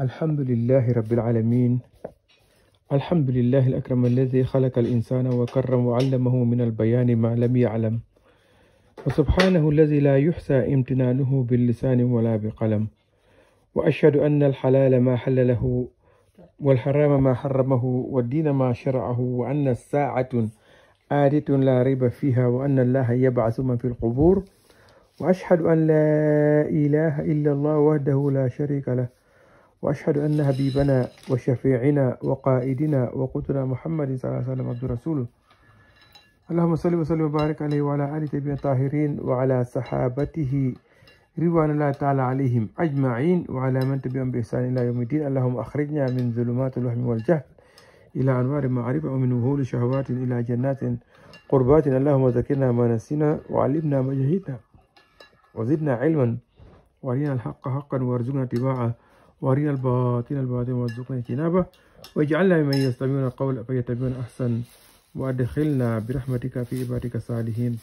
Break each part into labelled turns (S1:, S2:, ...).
S1: الحمد لله رب العالمين الحمد لله الأكرم الذي خلق الإنسان وكرم وعلمه من البيان ما لم يعلم وسبحانه الذي لا يحصى امتنانه باللسان ولا بقلم وأشهد أن الحلال ما حلله والحرام ما حرمه والدين ما شرعه وأن الساعة آتة لا ريب فيها وأن الله يبعث من في القبور وأشهد أن لا إله إلا الله وحده لا شريك له وأشهد أن حبيبنا وشفيعنا وقائدنا وقدنا محمد صلى الله عليه وسلم عبد رسوله اللهم صل وسلم وبارك عليه وعلى آله طيبين الطاهرين وعلى صحابته رضوان الله تعالى عليهم أجمعين وعلى من تبعهم بإحسان إلى يوم الدين اللهم أخرجنا من ظلمات الوهم والجهل إلى أنوار المعرفة ومن وهول شهوات إلى جنات قربات اللهم ذكرنا ما نسينا وعلمنا ما جهلنا وزدنا علما وارنا الحق حقا وارزقنا اتباعه وارنا الباطن الباطن وارزقنا اجتنابه واجعلنا ممن يستمعون القول فيتبعون احسن وادخلنا برحمتك في عبادك الصالحين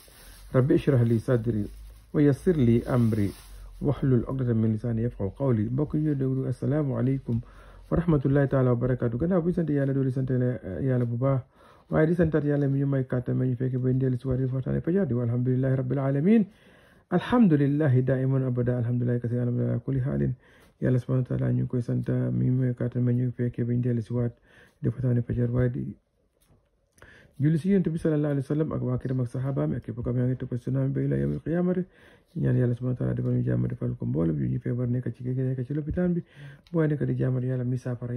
S1: رب اشرح لي صدري ويسر لي امري واحلل عقدة من لساني يفقه قولي بوك يدور السلام عليكم ورحمة الله تعالى وبركاته كنا في بيسنت يا لدور سنت يا لبوبا وعيد سنتي يا لمي ما يكاتا ما يفيك بين ديال سواري فتاني فجادي والحمد لله رب العالمين الحمد لله دائما ابدا الحمد لله كثيرا من كل حال yàlla subhaanahu wa taala ñu koy sant mi ngi may kàttan ma si waat defataani fajar waaye di wa sallam ak waa këram ak saxaabaam ak képp ko yaa ngi topp sunnaam ba ilaa yawmil qiyaamati di jàmmat yàlla mi saafara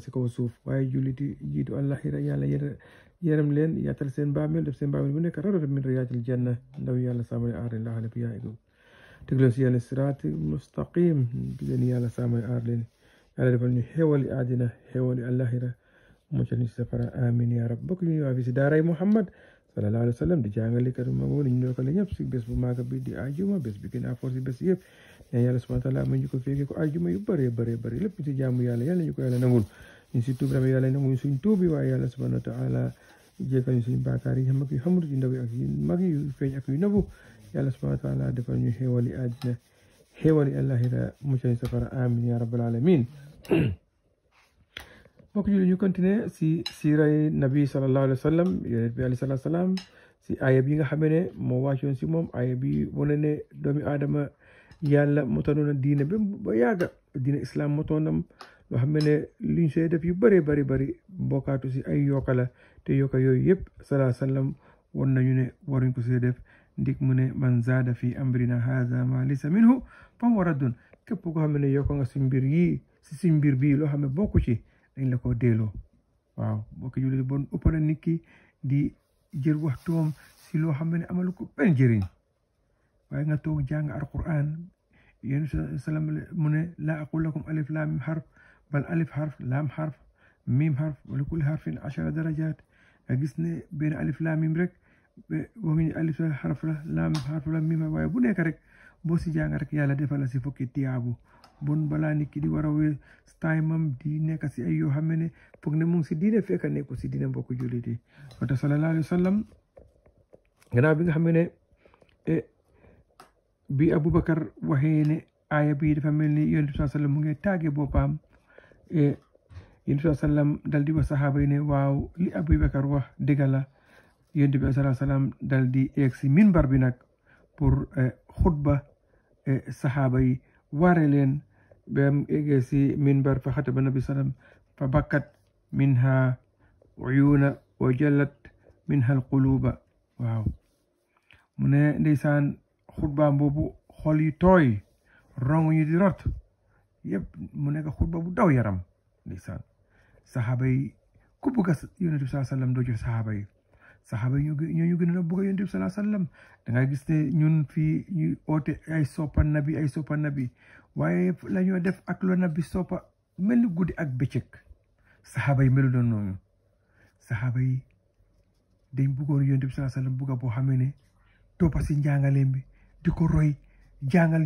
S1: si kaw suuf waaye julliti jiitu àllaxira yàlla yërëm leen yaatal seen baamel def seen baamel bu nekk rawat min riyaatil janna ndaw yàlla sàmmale aar leen laaxale fi تجلس سيال السرات مستقيم بدني على سامي آرلين على رفعني حوالي آدنا حوالي اللاهرة مجلني سفر آمين يا رب بكني يا وفي سداري محمد صلى الله عليه وسلم دي جانغ لي كرم مون نيو كلا نيب سي بس بما كبي دي اجوما بس بكين افورس بس يب نيا يعني يالا سبحانه وتعالى من جيكو فيك كو اجوما يو بري بري بري لب سي يا لي يالا نيو كو نقول إن ني سي يا لي نقول إن سي توبي وا يالا سبحانه وتعالى جيكال سي باكاري هم كي حمر دي ندوي ما كي فيك اك نبو الله سبحانه وتعالى دفعني حوالي أجنة حوالي الله إذا مشاهد سفر آمين يا رب العالمين مكجول نيو كنتيني سي سيرة النبي صلى الله عليه وسلم يا عليه الصلاة والسلام سي آية بي نغا حميني مو آية بي ونيني دومي آدم يالا متنون دين بي بياغا دين إسلام متنون لو حميني لنشاهد في بري بري بري بوكاتو سي أي يو يب صلى الله عليه وسلم won nañu ne waruñ ko see def ne man zaada fi amrina haada ma laysa minhu fa huwa raddun képp koo xam ne yokk nga suñ mbir bii loo xam ne bokku ci dañ la ko delloo waaw bokki jullit bon ëppale nit ki di jël waxtoom si loo xam ne amalu ko benn jëriñ waaye toog jàng alquran yéen salam mu ne laa aqul lakum alif laam xarf bal alif xarf laam xarf miim xarf wala kulli xarfin achara darajat nga gis ne benn alif laam miim rek waxuñ alif xaraf la laam xaraf la miim waaye bu nekk rek boo si jàng rek yàlla defal la si fukki tiyaabu bon balaa nit ki di war a wéy taymam di nekk si ay yoo xam ne foog ne mu ngi si diine fekk nekku si diine mbokku jullit yi wata sallallahu alayhi wa bi nga xam ne e, bi Abubakar waxee ne bi dafa mel ni yonent bi sallam mu ngi tàggee boppam e, yonent bi dal di wax saxaaba yi ne li Abubakar wax dëgg la yonent bi sallallahu alayhi wasallam dal si minbar bi nag pour eh, xutba eh, saxaaba yi waare leen si minbar fa xataba nabi sallam fa bakkat minha uyuuna wa jallat minha alquluuba mu ne ndeysaan xutbaam boobu xol yi tooy rong yi di rot yëpp mu ne xutba bu daw yaram ndeysaan saxaaba yi ku bugg yonent bi yi saxaaba yi ñooñu gën a bëgg yonent bi sallallahu alayhi wasallam da nga gis ne ñun fii ñu oote ay soppa nabi ay soppa nabi waaye la ñoo def ak lo nabi soppa mel ni guddi ak bëccëg saxaaba yi melu doon noonu saxaaba yi dañ bëggoon yonent bi sallallahu alayhi wasallam bëgg boo xamee ne toppa si njàngaleem bi di ko roy jàngal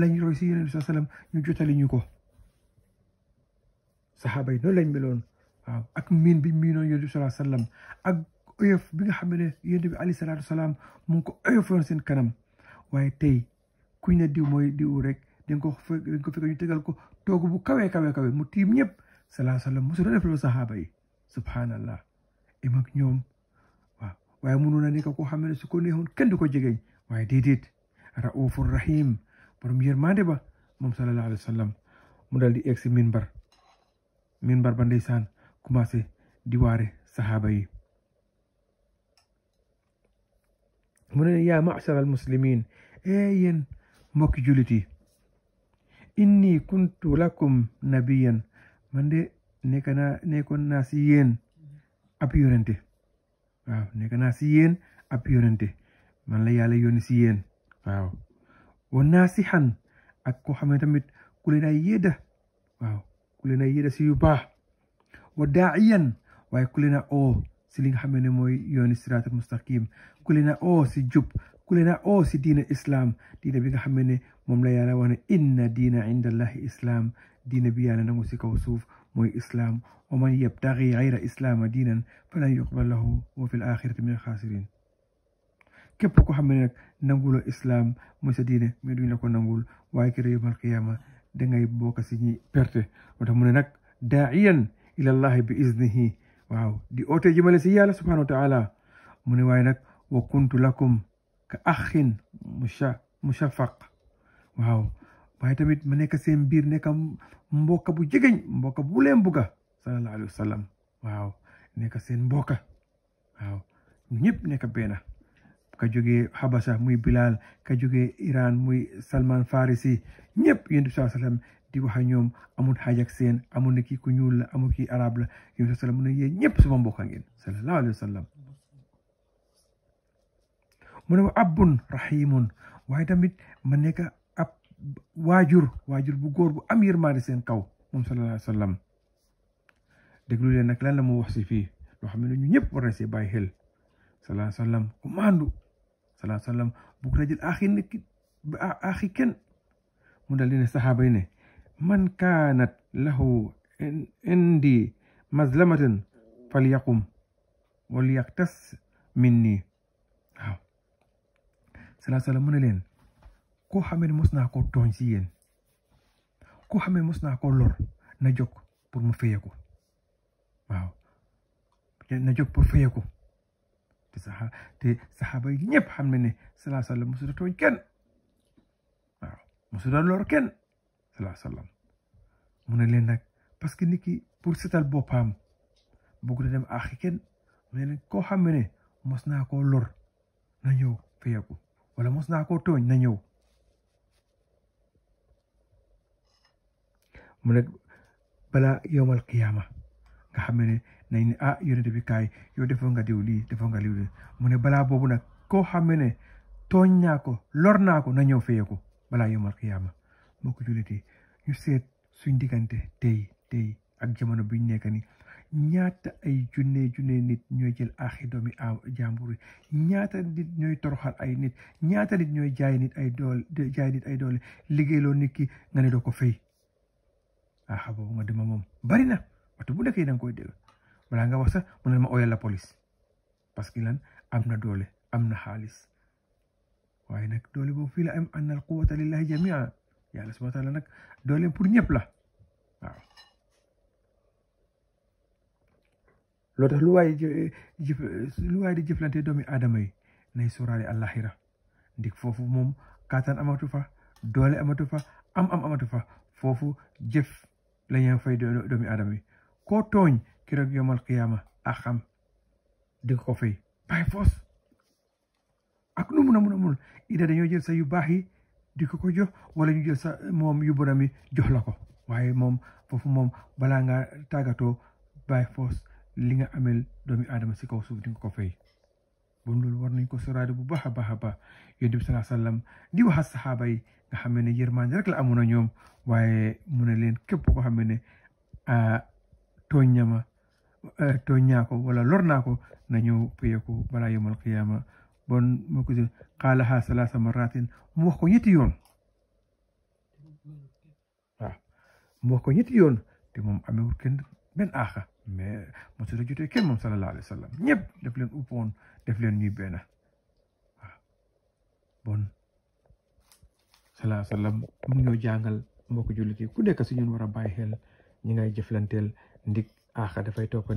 S1: lañ roy si yonent bi sallallahu alayhi wasallam ñu jotali ñu ko saxaaba yi noonu lañ meloon waaw ak miin bi miinoon yonent bi sallallahu alayhi wasallam ak oyof bi nga xam ne yonent salaatu salaam mu ngi ko oyofoon seen kanam waaye tey kuñ ne diw mooy diw rek dañ ko dañ ko ko toogu bu kawe kawe mu tiim ñëpp salaatu salaam musu def loolu saxaaba yi subhanallah im ak waaye mënoon na nekk koo xam ne su ko neexoon du ko jegeñ waaye déedéet raufur rahim borom yërmande ba moom sallallahu alayhi wa sallam mu dal di egg si ba ndeysaan commencé di waare saxaaba yi mu ne yaa ma'shar almuslimin ee yéen mbokki inni kuntu lakum nabiyan man de nekk naa nekkoon naa si yéen ab yonente waaw nekk yéen ab man la yàlla yónni si yéen waaw wa naasihan ak koo xam tamit ku leen ay yéeda waaw baax wa daa'iyan waaye ku leen oo سلين حمينة موي يوني سرات المستقيم كلنا أو سي جوب كلنا أو سي دين الإسلام دين بيغا حمينة مملايا لوانا إن دين عند الله إسلام دين بيانا نموسيك وصوف موي إسلام ومن يبتغي غير إسلام دينا فلن يقبل له وفي الآخرة من الخاسرين كيبكو حمينك نقول إسلام موسى دينة مدوين لكو نقول وعيكري يوم القيامة دنغي بوكا سيني برته ودهمونك داعيا إلى الله بإذنه waaw di oote jëmale si yàlla subhanahu taala mu ne waaye nag wa kuntu lakum ka axin musha mushafaq waaw tamit ma nekk sen biir nekk mbokka bu jegeñ mbokka bu leen bugga sallallahu alayhi wa sallam waaw nekk seen mbokka waaw ñëpp nekk ka jógee Habasha muy Bilal ka jógee Iran muy Salman Farisi ñëpp yéen bi sallam di wax ñom amun amul sen ak seen amul ne ki ku ñuul la amul ki arab la yonent sallam ne yéen suma mbokk ngeen sallallahu alaihi wasallam. mune abun rahimun way tamit ma nekk ab wajur wajur bu goor bu amir mari seen kaw moom sallallahu alaihi wasallam sallam len nak lan la mu wax ci fi lo xamne ñu ñepp war na sallallahu alaihi wasallam. ku mandu sallallahu alaihi wasallam. bu ko rajul akhi nit akhi ken mu dal dina ne man kaanat lahu indi mazlamatan falyaqum wal yaqtas minni waaw salaa salaam mu ne leen koo xamee ne mos naa koo tooñ si yéen koo xamee mos naa koo lor na jóg pour mu fayeeku waaw na jóg pour fayeeku te saxa te saxaaba yi ñëpp xam ne ne salaa salaam mosuda tooñ kenn waaw mosuda lor kenn salaa sallam mu ne leen nag parce que nit ki pour setal boppam bëgg na dem axi kenn mu ne leen koo xam ne mos naa koo lor na ñëw feyeku wala mos naa koo tooñ na ñëw mu ne bala yowmal qiyaama nga xam ne ni ne ah yonent bi kaay yow defoo nga diw lii defoo nga liw lii mu ne balaa boobu nag koo xam ne tooñ naa ko lor naa ko na ñëw feyeku balaa yowmal qiyaama mbokk julliti ñu seet suñ diggante tey tey ak jamono biñ nekk ni ñaata ay junne junne nit ñoy jël axi doomi jàmbur ñaata nit ñoy toroxal ay nit ñaata nit ñoy jaay nit ay dool jaay nit ay liggey lo nit ki nga ne do ko ah aha bo nga dem mom bari na waxtu bu yi dang koy dégg balaa nga wax sa mu ne ma oyal la police parce que lan amna na doole am na xaalis waaye nag doole boobu fii la am quwata lillahi jamia yàlla subhanahu wa taala nag dooleem pour ñëpp la waaw loo tax lu jëf lu di jëflante doomi aadama yi nay sóoraale àllaxira ndik fofu moom katan amatu fa dole amatu fa am am amatu fa fofu jëf la ñuy fay doomi aadama yi koo tooñ keroog yomal qiyaama ak xam ko fay ak ida dañoo jël sa yu di ko ko jox wala ñu jël sa moom yu borom mi jox la ko waaye moom foofu moom balaa nga tàggatoo by force li nga ameel doomi aadama si kaw suuf di ko fay bon loolu war nañ ko soraade bu baax a baax a baax yonent bi salaa sallam di wax ak saxaaba yi nga xam ne yërmande rek la amoon na ñoom waaye mu ne leen képp ko xam ne tooñ ñama wala lor naa ko na ñëw payeeku balaa yomal qiyaama bon moo ko jël qaalaha salaasa mu ko ñetti yoon waaw mu wax ko ñetti yoon te moom amewul kenn benn aaxa mais mosu la jotee kenn moom sallallahu alayhi wa sallam def leen uppoon def leen ñuy benn waaw bon salaa sallam mu ñoo jàngal mbokk jullit yi ku nekk si ñun war a bàyyi ñi ngay jëflanteel ndig aaxa dafay toppa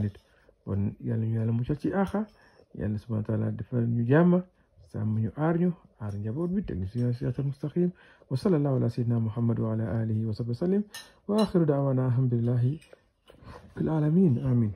S1: bon yàlla ñu yàlla ci aaxa يلا يعني سبحانه وتعالى دفن نجامة سامي أرنيو أرن جابور بيت نسيا سيرة المستقيم وصلى الله على سيدنا محمد وعلى آله وصحبه وسلم وآخر دعوانا الحمد لله بالعالمين آمين